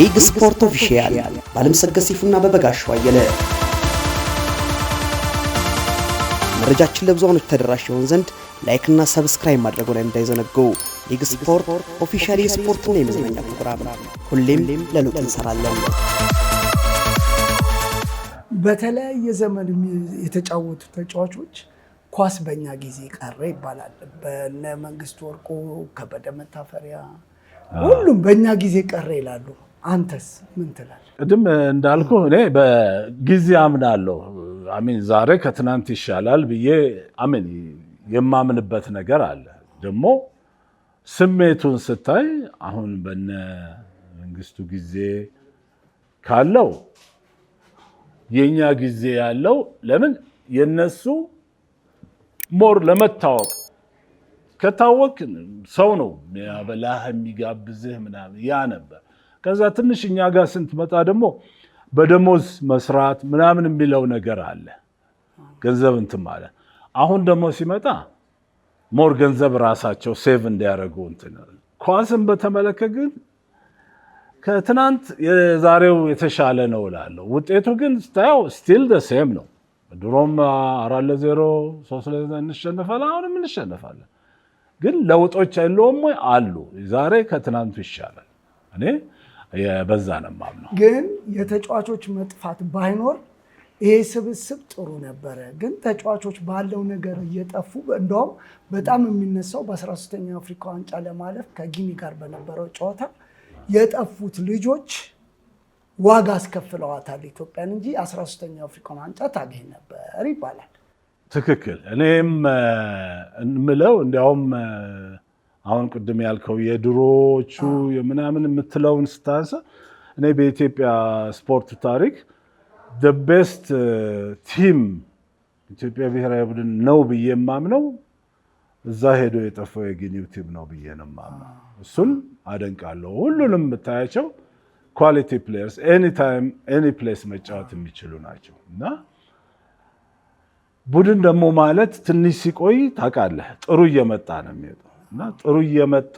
ቢግ ስፖርት ኦፊሻል በአለም ሰገድ ሲፉና በበጋሻው አየለ መረጃችን ለብዙሃኖች ተደራሽ ይሆን ዘንድ ላይክና ሰብስክራይብ ማድረጉን እንዳይዘነጉ። ቢግ ስፖርት ኦፊሻል የስፖርትና የመዝናኛ ፕሮግራም ሁሌም ለለውጥ እንሰራለን። በተለያየ ዘመን የተጫወቱ ተጫዋቾች ኳስ በእኛ ጊዜ ቀረ ይባላል። በነ መንግስት ወርቁ፣ ከበደ መታፈሪያ ሁሉም በእኛ ጊዜ ቀረ ይላሉ። አንተስ ምን ትላለህ? ቅድም እንዳልኩ እኔ በጊዜ አምናለሁ። አሚን ዛሬ ከትናንት ይሻላል ብዬ አሚን የማምንበት ነገር አለ። ደግሞ ስሜቱን ስታይ አሁን በነ መንግስቱ ጊዜ ካለው የኛ ጊዜ ያለው ለምን የነሱ ሞር ለመታወቅ ከታወቅ ሰው ነው የሚያበላህ የሚጋብዝህ ምናምን ያ ነበር ከዛ ትንሽ እኛ ጋር ስንትመጣ ደግሞ በደሞዝ መስራት ምናምን የሚለው ነገር አለ። ገንዘብ እንትን አለ። አሁን ደግሞ ሲመጣ ሞር ገንዘብ ራሳቸው ሴቭ እንዲያደርጉ እንትን። ኳስን በተመለከተ ግን ከትናንት የዛሬው የተሻለ ነው እላለሁ። ውጤቱ ግን ስታየው ስቲል ደ ሴም ነው። ድሮም አራት ለዜሮ ሶስት ለዜሮ እንሸነፋለን፣ አሁንም እንሸነፋለን። ግን ለውጦች የለውም ወይ? አሉ። ዛሬ ከትናንቱ ይሻላል እኔ የበዛ ነው የማምነው። ግን የተጫዋቾች መጥፋት ባይኖር ይሄ ስብስብ ጥሩ ነበረ። ግን ተጫዋቾች ባለው ነገር እየጠፉ እንደውም በጣም የሚነሳው በ13ኛው አፍሪካ ዋንጫ ለማለፍ ከጊኒ ጋር በነበረው ጨዋታ የጠፉት ልጆች ዋጋ አስከፍለዋታል ኢትዮጵያን እንጂ 13ኛው አፍሪካ ዋንጫ ታገኝ ነበር ይባላል። ትክክል። እኔም ምለው እንዲያውም አሁን ቅድም ያልከው የድሮዎቹ ምናምን የምትለውን ስታንሳ እኔ በኢትዮጵያ ስፖርት ታሪክ ቤስት ቲም uh, ኢትዮጵያ ብሔራዊ ቡድን ነው ብዬ የማምነው እዛ ሄዶ የጠፋው የጊኒው ቲም ነው ብዬ ነው የማምነው። እሱን አደንቃለሁ። ሁሉንም የምታያቸው ኳሊቲ ፕሌየርስ ኤኒ ታይም ኤኒ ፕሌስ መጫወት የሚችሉ ናቸው እና ቡድን ደግሞ ማለት ትንሽ ሲቆይ ታውቃለህ ጥሩ እየመጣ ነው የሚወጣው እና ጥሩ እየመጣ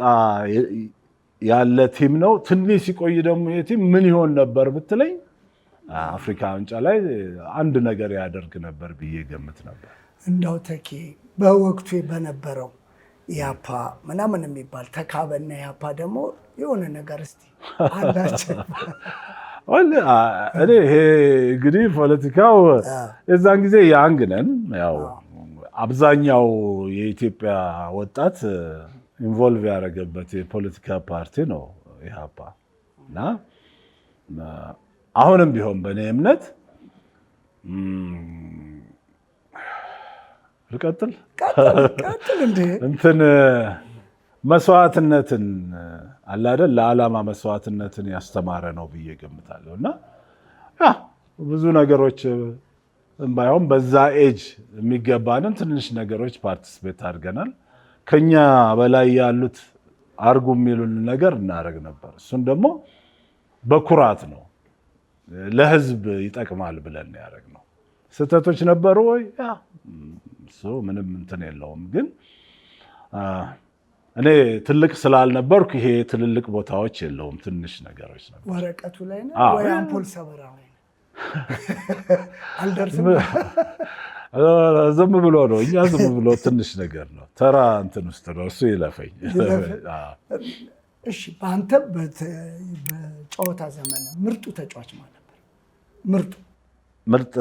ያለ ቲም ነው። ትንሽ ሲቆይ ደግሞ ይሄ ቲም ምን ይሆን ነበር ብትለኝ አፍሪካ ዋንጫ ላይ አንድ ነገር ያደርግ ነበር ብዬ ገምት ነበር። እንደው ተኬ በወቅቱ በነበረው ያፓ ምናምን የሚባል ተካበና ያፓ ደግሞ የሆነ ነገር እስኪ አላቸው። እኔ ይሄ እንግዲህ ፖለቲካው የዛን ጊዜ ያንግ ነን ያው አብዛኛው የኢትዮጵያ ወጣት ኢንቮልቭ ያደረገበት የፖለቲካ ፓርቲ ነው ኢህአፓ እና አሁንም ቢሆን በእኔ እምነት ልቀጥል እንትን መስዋዕትነትን አላደል ለዓላማ መስዋዕትነትን ያስተማረ ነው ብዬ ገምታለሁ እና ብዙ ነገሮች ባይሆን በዛ ኤጅ የሚገባንን ትንሽ ነገሮች ፓርቲስፔት አድርገናል። ከኛ በላይ ያሉት አርጉ የሚሉን ነገር እናደርግ ነበር። እሱን ደግሞ በኩራት ነው ለህዝብ ይጠቅማል ብለን ያደረግ ነው። ስህተቶች ነበሩ ወይ? እሱ ምንም እንትን የለውም። ግን እኔ ትልቅ ስላልነበርኩ ይሄ ትልልቅ ቦታዎች የለውም፣ ትንሽ ነገሮች ነበር። ወረቀቱ ላይ ነው ወይ አምፖል ሰበራ አልደርስም ዝም ብሎ ነው። እኛ ዝም ብሎ ትንሽ ነገር ነው፣ ተራ እንትን ውስጥ ነው እሱ ይለፈኝ። እሺ፣ በአንተ በጨዋታ ዘመን ምርጡ ተጫዋች ማለት ነበር? ምርጡ ምርጥ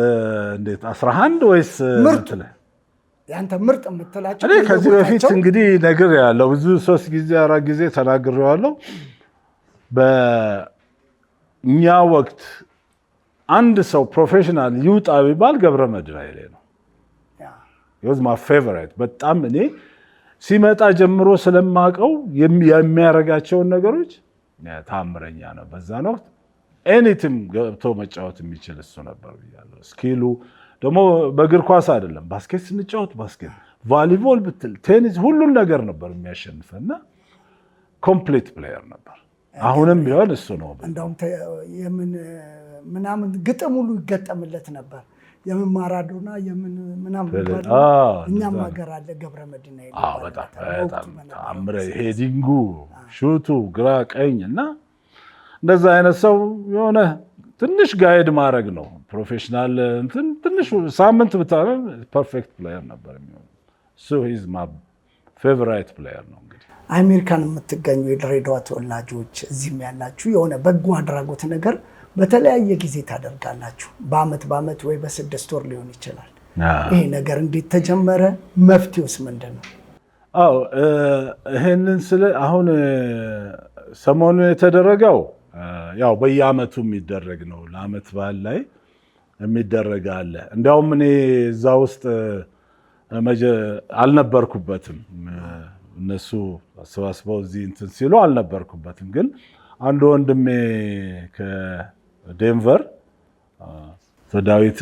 እንዴት አስራ አንድ ወይስ ምርጥ ያንተ ምርጥ የምትላቸው? እኔ ከዚህ በፊት እንግዲህ ነግር ያለው ብዙ ሶስት ጊዜ አራት ጊዜ ተናግሬዋለሁ። በእኛ ወቅት አንድ ሰው ፕሮፌሽናል ይውጣ ቢባል ገብረ መድን ኃይሌ ነው። ማ ፌቨራይት በጣም እኔ ሲመጣ ጀምሮ ስለማቀው የሚያደርጋቸውን ነገሮች ታምረኛ ነው። በዛን ወቅት ኤኒቲም ገብቶ መጫወት የሚችል እሱ ነበር ብያለሁ። ስኪሉ ደግሞ በእግር ኳስ አይደለም ባስኬት ስንጫወት ባስኬት፣ ቫሊቦል ብትል፣ ቴኒስ ሁሉን ነገር ነበር የሚያሸንፈና ኮምፕሊት ፕሌየር ነበር። አሁንም ቢሆን እሱ ነው። እንደውም የምን ምናምን ግጥም ሁሉ ይገጠምለት ነበር። የምን ማራዶና የምን ምናምን እኛም ሀገር አለ ገብረ መድና ሄዲንጉ፣ ሹቱ፣ ግራ ቀኝ እና እንደዛ አይነት ሰው የሆነ ትንሽ ጋይድ ማድረግ ነው ፕሮፌሽናል እንትን ትንሽ ሳምንት ብታ ፐርፌክት ፕሌየር ነበር እሱ ሂዝ ማ ፌቨራይት ፕሌየር ነው። እንግዲህ አሜሪካን የምትገኙ የድሬዳዋ ተወላጆች እዚህም ያላችሁ የሆነ በጎ አድራጎት ነገር በተለያየ ጊዜ ታደርጋላችሁ። በአመት በአመት ወይ በስድስት ወር ሊሆን ይችላል። ይሄ ነገር እንዴት ተጀመረ? መፍትሄውስ ምንድን ነው? አዎ ይሄንን ስለ አሁን ሰሞኑን የተደረገው ያው በየአመቱ የሚደረግ ነው። ለአመት በዓል ላይ የሚደረግ አለ። እንዲያውም እኔ እዛ ውስጥ አልነበርኩበትም። እነሱ አሰባስበው እዚህ እንትን ሲሉ አልነበርኩበትም። ግን አንድ ወንድሜ ዴንቨር ዳዊት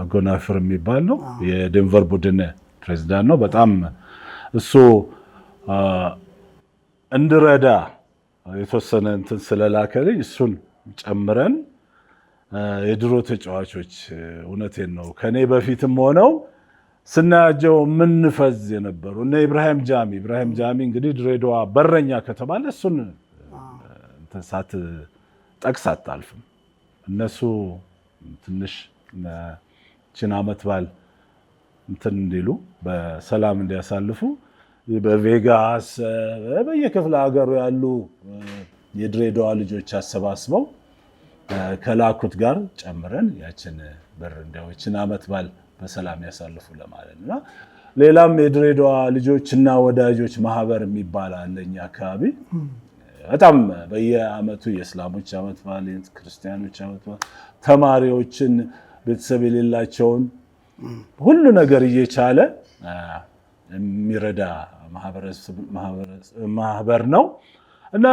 አጎናፍር የሚባል ነው የዴንቨር ቡድን ፕሬዚዳንት ነው። በጣም እሱ እንድረዳ የተወሰነ እንትን ስለላከልኝ እሱን ጨምረን የድሮ ተጫዋቾች እውነቴን ነው ከኔ በፊትም ሆነው ስናያቸው የምንፈዝ የነበሩ እነ ኢብራሂም ጃሚ ኢብራሂም ጃሚ እንግዲህ ድሬዳዋ በረኛ ከተባለ እሱን ሳት አታልፍም። እነሱ ትንሽ ችን አመት በዓል እንትን እንዲሉ በሰላም እንዲያሳልፉ በቬጋስ በየክፍለ ሀገሩ ያሉ የድሬዳዋ ልጆች አሰባስበው ከላኩት ጋር ጨምረን ያችን ብር እንዲያው ይችን በዓል በሰላም ያሳልፉ ለማለት እና ሌላም የድሬዳዋ ልጆችና ወዳጆች ማህበር የሚባል አለኝ አካባቢ በጣም በየአመቱ የእስላሞች አመት በዓል፣ ክርስቲያኖች አመት በዓል፣ ተማሪዎችን፣ ቤተሰብ የሌላቸውን ሁሉ ነገር እየቻለ የሚረዳ ማህበር ነው እና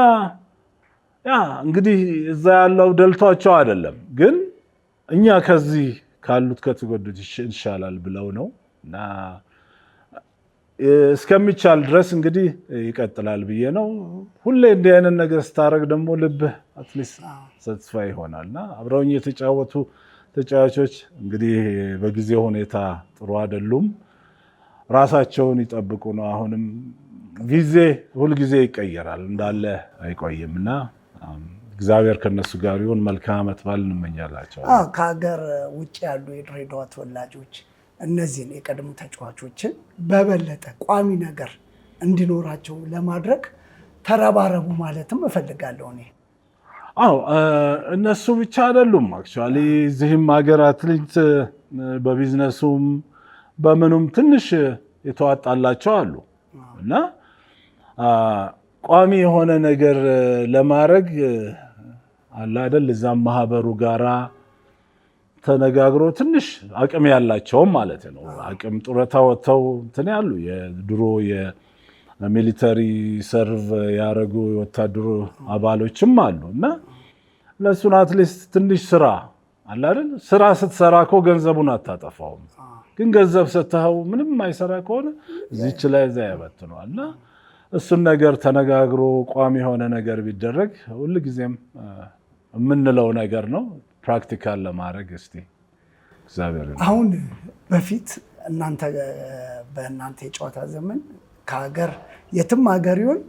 ያ እንግዲህ እዛ ያለው ደልቷቸው አይደለም፣ ግን እኛ ከዚህ ካሉት ከተጎዱት ይሻላል ብለው ነው እና እስከሚቻል ድረስ እንግዲህ ይቀጥላል ብዬ ነው። ሁሌ እንዲህ አይነት ነገር ስታደርግ ደግሞ ልብህ አትሊስት ሰትስፋይ ይሆናል እና አብረውኝ የተጫወቱ ተጫዋቾች እንግዲህ በጊዜ ሁኔታ ጥሩ አይደሉም፣ ራሳቸውን ይጠብቁ ነው። አሁንም ጊዜ ሁልጊዜ ይቀየራል እንዳለ አይቆይም እና እግዚአብሔር ከነሱ ጋር ይሁን። መልካም ዓመት በዓል እንመኛላቸው። ከሀገር ውጭ ያሉ የድሬዳዋ ተወላጆች እነዚህን የቀድሞ ተጫዋቾችን በበለጠ ቋሚ ነገር እንዲኖራቸው ለማድረግ ተረባረቡ ማለትም እፈልጋለሁ እኔ። አዎ እነሱ ብቻ አይደሉም። አክቹዋሊ እዚህም ሀገር አትሌት በቢዝነሱም በምኑም ትንሽ የተዋጣላቸው አሉ እና ቋሚ የሆነ ነገር ለማድረግ አለ አይደል እዛም ማህበሩ ጋራ ተነጋግሮ ትንሽ አቅም ያላቸውም ማለት ነው አቅም ጡረታ ወጥተው እንትን ያሉ የድሮ የሚሊተሪ ሰርቭ ያደረጉ የወታደሩ አባሎችም አሉ እና እነሱን አትሊስት ትንሽ ስራ አለ አይደል? ስራ ስትሰራ እኮ ገንዘቡን አታጠፋውም። ግን ገንዘብ ስትኸው ምንም አይሰራ ከሆነ እዚች ላይ እዛ ያበትነዋል እና እሱን ነገር ተነጋግሮ ቋሚ የሆነ ነገር ቢደረግ ሁልጊዜም የምንለው ነገር ነው። ፕራክቲካል ለማድረግ እስቲ እግዚአብሔር አሁን በፊት እናንተ በእናንተ የጨዋታ ዘመን ከሀገር የትም ሀገር ይሆን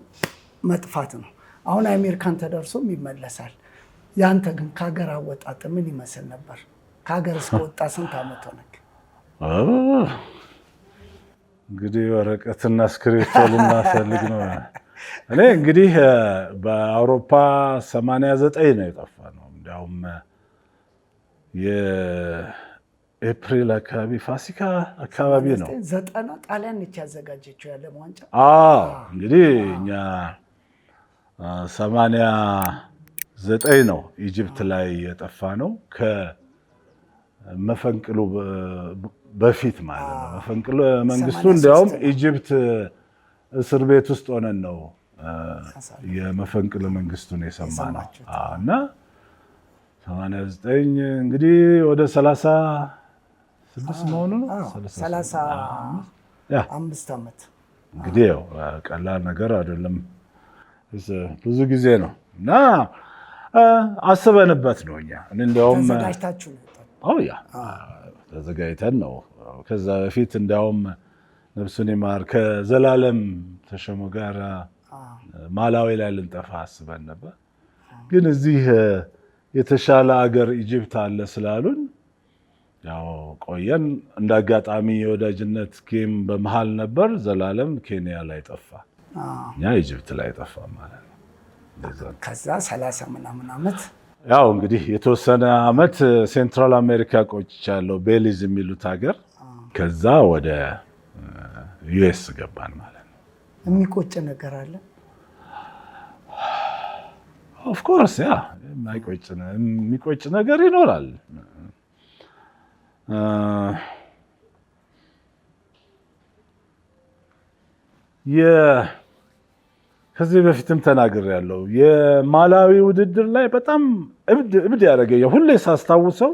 መጥፋት ነው። አሁን አሜሪካን ተደርሶም ይመለሳል። ያንተ ግን ከሀገር አወጣጥ ምን ይመስል ነበር? ከሀገር እስከወጣ ስንት ዓመት ሆነህ? እንግዲህ ወረቀትና እስክሪብቶ ልናፈልግ ነው። እኔ እንግዲህ በአውሮፓ 89 ነው የጠፋ ነው እንዲያውም የኤፕሪል አካባቢ ፋሲካ አካባቢ ነው። ዘጠና ጣሊያን ነች ያዘጋጀችው ዋንጫ። እንግዲህ እኛ ሰማንያ ዘጠኝ ነው ኢጅፕት ላይ የጠፋ ነው ከመፈንቅሉ በፊት ማለት ነው። መንግስቱ እንዲያውም ኢጅፕት እስር ቤት ውስጥ ሆነን ነው የመፈንቅለ መንግስቱን የሰማ ነው እና ሰማንያ እንግዲህ ወደ ሰላሳ ስድስት መሆኑ ነው። ሰላሳ ዓመት እንግዲህ ያው ቀላል ነገር አይደለም። ብዙ ጊዜ ነው እና አስበንበት ነው እኛ እንዲያውም ተዘጋጅተን ነው። ከዛ በፊት እንዲያውም ነፍሱን ይማር ከዘላለም ተሾመ ጋር ማላዊ ላይ ልንጠፋ አስበን ነበር ግን እዚህ የተሻለ አገር ኢጅፕት አለ ስላሉን ያው ቆየን። እንደ አጋጣሚ የወዳጅነት ጌም በመሀል ነበር። ዘላለም ኬንያ ላይ ጠፋ፣ እኛ ኢጅፕት ላይ ጠፋ ማለት ነው። ከዛ ሰላሳ ምናምን ዓመት ያው እንግዲህ የተወሰነ ዓመት ሴንትራል አሜሪካ ቆይቻለሁ፣ ቤሊዝ የሚሉት ሀገር። ከዛ ወደ ዩኤስ ገባን ማለት ነው። የሚቆጭ ነገር አለ ኦፍኮርስ ያ የሚቆጭ ነገር ይኖራል። ከዚህ በፊትም ተናግር ያለው የማላዊ ውድድር ላይ በጣም እብድ ያደረገ ሁሌ ሳስታውሰው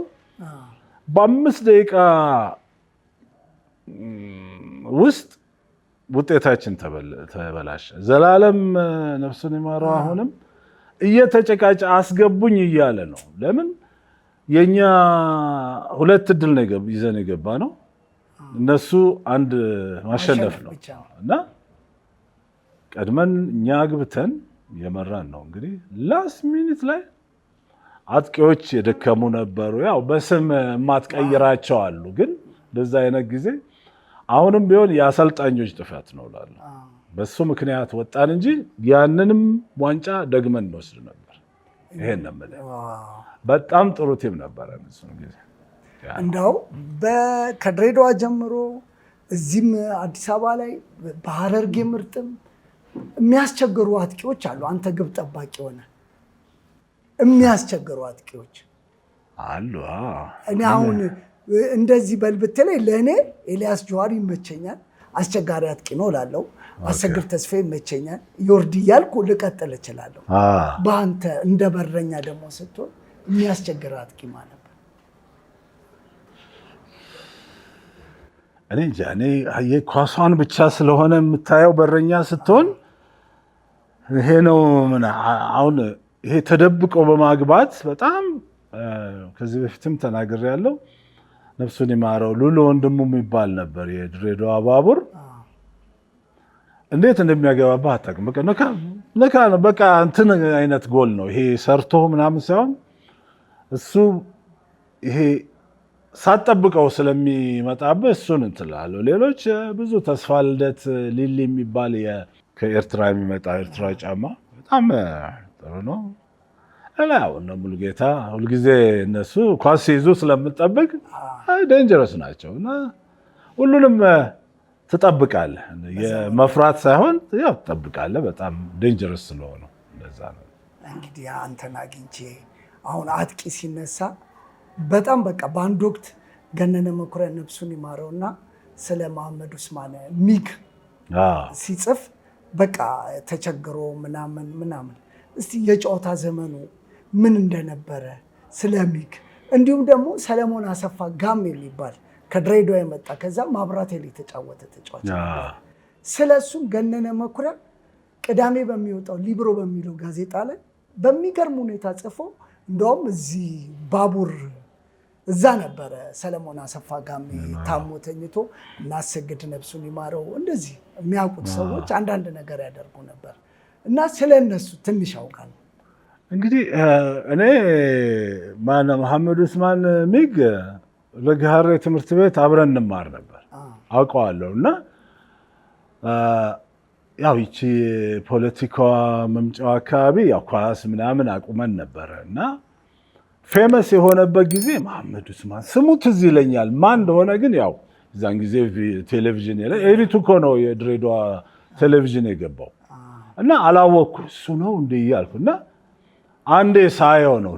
በአምስት ደቂቃ ውስጥ ውጤታችን ተበላሸ። ዘላለም ነፍሱን ይማረው አሁንም እየተጨቃጨ አስገቡኝ እያለ ነው። ለምን የኛ ሁለት እድል ይዘን የገባ ነው፣ እነሱ አንድ ማሸነፍ ነው እና ቀድመን እኛ አግብተን የመራን ነው። እንግዲህ ላስት ሚኒት ላይ አጥቂዎች የደከሙ ነበሩ። ያው በስም የማትቀይራቸው አሉ፣ ግን በዛ አይነት ጊዜ አሁንም ቢሆን የአሰልጣኞች ጥፋት ነው እላለሁ። በሱ ምክንያት ወጣን እንጂ ያንንም ዋንጫ ደግመን እንወስድ ነበር። ይሄን ነው በጣም ጥሩ ቲም ነበረ። እንደው ከድሬዳዋ ጀምሮ እዚህም አዲስ አበባ ላይ በሀረርጌ ምርጥም የሚያስቸግሩ አጥቂዎች አሉ። አንተ ግብ ጠባቂ ሆነ የሚያስቸግሩ አጥቂዎች አሉ። እኔ አሁን እንደዚህ በል ብትለኝ ለእኔ ኤልያስ ጆዋር ይመቸኛል፣ አስቸጋሪ አጥቂ ነው እላለሁ። አሰግድ ተስፋ ይመቸኛል፣ ዮርዲ እያልኩ ልቀጥል እችላለሁ። በአንተ እንደ በረኛ ደግሞ ስትሆን የሚያስቸግር አጥቂ ማለት ነው። እኔ እንጃ እኔ የኳሷን ብቻ ስለሆነ የምታየው በረኛ ስትሆን ይሄ ነው ምን አሁን ይሄ ተደብቆ በማግባት በጣም ከዚህ በፊትም ተናግሬያለሁ። ነፍሱን ይማረው ሉሉ ወንድሙ የሚባል ነበር የድሬዳዋ ባቡር። እንዴት እንደሚያገባብህ አታውቅም። በቃ በቃ እንትን አይነት ጎል ነው ይሄ ሰርቶ ምናምን ሳይሆን እሱ ይሄ ሳትጠብቀው ስለሚመጣበት እሱን እንትላሉ። ሌሎች ብዙ ተስፋ ልደት፣ ሊሊ የሚባል ከኤርትራ የሚመጣ ኤርትራ ጫማ በጣም ጥሩ ነው። ነው ሙሉ ጌታ ሁልጊዜ እነሱ ኳስ ሲይዙ ስለምጠብቅ ዴንጀረስ ናቸው እና ሁሉንም ትጠብቃለህ። የመፍራት ሳይሆን ያው ትጠብቃለህ። በጣም ዴንጀረስ ስለሆነ እንደዛ ነው። እንግዲህ አንተን አግኝቼ አሁን አጥቂ ሲነሳ በጣም በቃ በአንድ ወቅት ገነነ መኩሪያ ነፍሱን ይማረውና ስለ መሐመድ ኡስማን ሚግ ሲጽፍ በቃ ተቸግሮ ምናምን ምናምን እስቲ የጨዋታ ዘመኑ ምን እንደነበረ ስለ እንዲሁም ደግሞ ሰለሞን አሰፋ ጋም የሚባል ከድሬዳዋ የመጣ ከዛ ማብራት ላይ የተጫወተ ተጫዋች ስለ እሱም ገነነ መኩሪያ ቅዳሜ በሚወጣው ሊብሮ በሚለው ጋዜጣ ላይ በሚገርም ሁኔታ ጽፎ እንደውም እዚህ ባቡር እዛ ነበረ ሰለሞን አሰፋ ጋሚ ታሞ ተኝቶ እናስግድ ነብሱን ይማረው። እንደዚህ የሚያውቁት ሰዎች አንዳንድ ነገር ያደርጉ ነበር እና ስለ እነሱ ትንሽ ያውቃል። እንግዲህ እኔ ማነው መሐመድ ኡስማን ሚግ ለገሃር ትምህርት ቤት አብረን እንማር ነበር አውቀዋለሁ። እና ያው ይቺ ፖለቲካዋ መምጫው አካባቢ ያው ኳስ ምናምን አቁመን ነበረ እና ፌመስ የሆነበት ጊዜ መሐመድ ኡስማን ስሙ ትዝ ይለኛል። ማን እንደሆነ ግን ያው እዛን ጊዜ ቴሌቪዥን የለ ኤሊቱ እኮ ነው የድሬዳዋ ቴሌቪዥን የገባው እና አላወቅኩ እሱ ነው እንዲህ እያልኩ እና አንዴ ሳየው ነው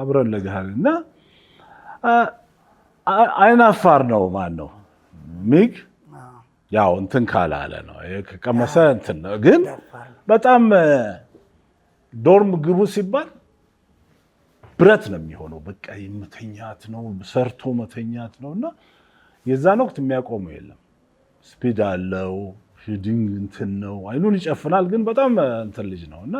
አብረልግሃል እና አይናፋር ነው። ማን ነው ሚግ ያው እንትን ካላለ ነው ከቀመሰ እንትን ነው። ግን በጣም ዶርም ግቡ ሲባል ብረት ነው የሚሆነው። በቃ መተኛት ነው ሰርቶ መተኛት ነው። እና የዛን ወቅት የሚያቆሙ የለም። ስፒድ አለው ሂዲንግ እንትን ነው። አይኑን ይጨፍናል። ግን በጣም እንትን ልጅ ነው እና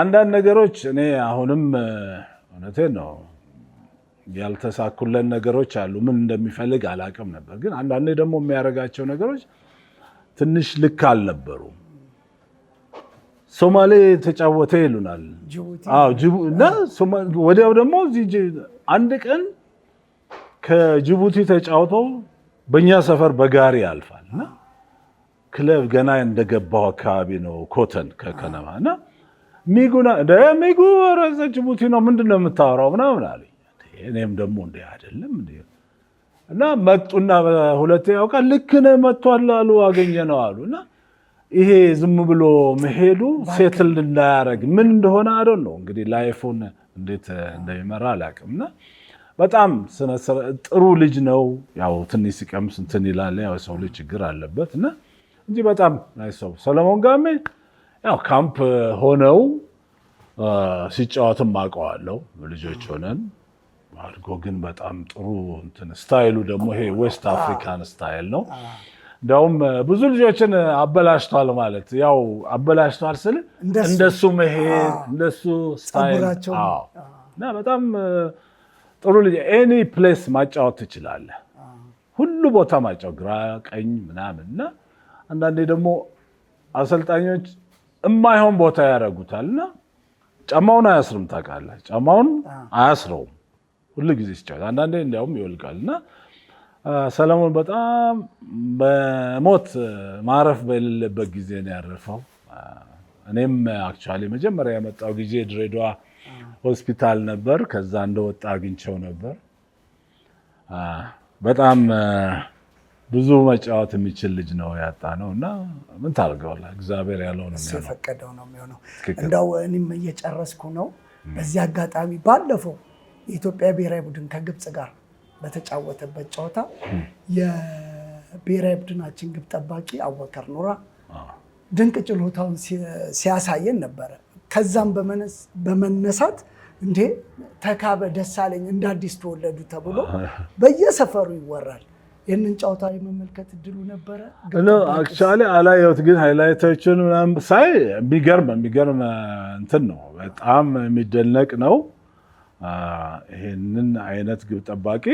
አንዳንድ ነገሮች እኔ አሁንም እውነቴን ነው ያልተሳኩለን ነገሮች አሉ። ምን እንደሚፈልግ አላቅም ነበር። ግን አንዳንዴ ደግሞ የሚያደርጋቸው ነገሮች ትንሽ ልክ አልነበሩም። ሶማሌ ተጫወተ ይሉናል ወዲያው ደግሞ አንድ ቀን ከጅቡቲ ተጫውተው በእኛ ሰፈር በጋሪ ያልፋል ክለብ ገና እንደገባው አካባቢ ነው ኮተን ከከነማ እና ሚጉና ሚጉ ረዘ ጅቡቲ ነው ምንድን ነው የምታወራው ምናምን አለ እኔም ደግሞ እንደ አይደለም እና መጡና ሁለት ቀን ልክ ነህ መጥቷል አሉ አገኘ ነው አሉ እና ይሄ ዝም ብሎ መሄዱ ሴትል እንዳያደረግ ምን እንደሆነ አደ ነው እንግዲህ ላይፉን እንዴት እንደሚመራ አላውቅም። እና በጣም ጥሩ ልጅ ነው። ያው ትንሽ ሲቀምስ እንትን ይላል። ያው የሰው ልጅ ችግር አለበት እና እንጂ በጣም ናይስ ሰው። ሰለሞን ጋሜ ያው ካምፕ uh, ሆነው uh, ሲጫወትም አውቀዋለሁ ልጆች ሆነን አድጎ ግን በጣም ጥሩ እንትን ስታይሉ ደግሞ ይሄ ዌስት አፍሪካን ስታይል ነው። እንደውም uh, ብዙ ልጆችን አበላሽቷል ማለት ያው አበላሽቷል ስል እንደሱ መሄድ እንደሱ ስታይል እና በጣም ጥሩ ልጅ ኤኒ ፕሌስ ማጫወት ትችላለህ። ሁሉ ቦታ ማጫወት ግራ ቀኝ ምናምን እና አንዳንዴ ደግሞ አሰልጣኞች እማይሆን ቦታ ያደርጉታል እና ጫማውን አያስርም። ታውቃለህ፣ ጫማውን አያስረውም ሁሉ ጊዜ ሲጫወት፣ አንዳንዴ እንዲያውም ይወልቃል እና ሰለሞን በጣም በሞት ማረፍ በሌለበት ጊዜ ነው ያረፈው። እኔም አክቹዋሊ መጀመሪያ የመጣው ጊዜ ድሬዳዋ ሆስፒታል ነበር። ከዛ እንደወጣ አግኝቸው ነበር። በጣም ብዙ መጫወት የሚችል ልጅ ነው ያጣ ነው እና ምን ታደርገዋለህ? እግዚአብሔር ያለው ነው የሚሆነው፣ የፈቀደው ነው የሚሆነው። እንዳው እኔም እየጨረስኩ ነው። በዚህ አጋጣሚ ባለፈው የኢትዮጵያ ብሔራዊ ቡድን ከግብፅ ጋር በተጫወተበት ጨዋታ የብሔራዊ ቡድናችን ግብ ጠባቂ አወከር ኑራ ድንቅ ችሎታውን ሲያሳየን ነበረ። ከዛም በመነሳት እንዴ ተካበ ደሳለኝ እንደ አዲስ ተወለዱ ተብሎ በየሰፈሩ ይወራል። ይህንን ጨዋታ የመመልከት እድሉ ነበረ? አክቹዋሊ አላየሁት፣ ግን ሃይላይቶችን ምናምን ሳይ የሚገርም የሚገርም እንትን ነው። በጣም የሚደነቅ ነው። ይህንን አይነት ግብ ጠባቂ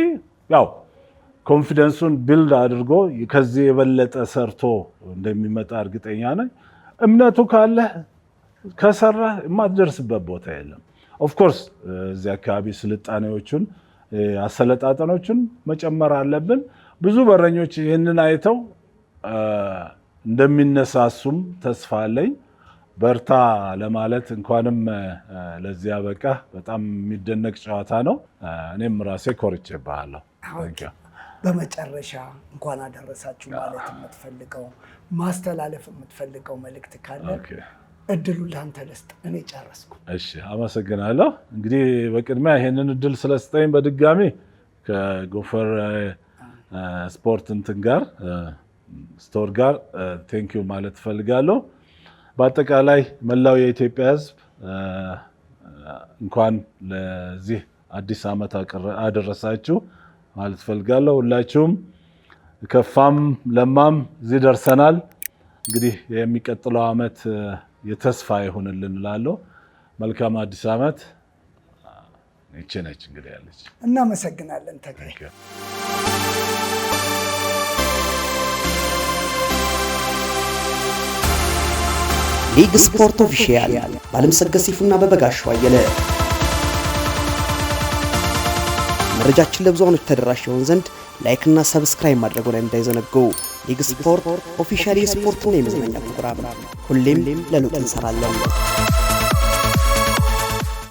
ያው ኮንፊደንሱን ቢልድ አድርጎ ከዚህ የበለጠ ሰርቶ እንደሚመጣ እርግጠኛ ነኝ። እምነቱ ካለህ ከሰራ የማትደርስበት ቦታ የለም። ኦፍኮርስ እዚህ አካባቢ ስልጣኔዎቹን አሰለጣጠኖችን መጨመር አለብን። ብዙ በረኞች ይህንን አይተው እንደሚነሳሱም ተስፋ አለኝ። በርታ ለማለት እንኳንም ለዚያ በቃ። በጣም የሚደነቅ ጨዋታ ነው። እኔም ራሴ ኮርቼብሃለሁ። በመጨረሻ እንኳን አደረሳችሁ ማለት የምትፈልገው ማስተላለፍ የምትፈልገው መልእክት ካለ እድሉ ለአንተ ልስጥ። እኔ ጨረስኩ። እሺ፣ አመሰግናለሁ። እንግዲህ በቅድሚያ ይሄንን እድል ስለስጠኝ በድጋሚ ከጎፈር ስፖርት እንትን ጋር ስቶር ጋር ቴንኪዩ ማለት እፈልጋለሁ። በአጠቃላይ መላው የኢትዮጵያ ሕዝብ እንኳን ለዚህ አዲስ ዓመት አደረሳችሁ ማለት እፈልጋለሁ። ሁላችሁም ከፋም ለማም እዚህ ደርሰናል። እንግዲህ የሚቀጥለው ዓመት የተስፋ ይሁንልን እላለሁ። መልካም አዲስ ዓመት። ይቺ ነች እንግዲህ ያለች። እናመሰግናለን ተገኝ ሊግ ስፖርት ኦፊሻል ባለምሰገድ ሲፉና በበጋሻው አየለ። መረጃችን ለብዙዎች ተደራሽ ይሆን ዘንድ ላይክ እና ሰብስክራይብ ማድረጉ ላይ እንዳይዘነጉ። ሊግ ስፖርት ኦፊሻል የስፖርትና የመዝናኛ ፕሮግራም ሁሌም ለለውጥ እንሰራለን።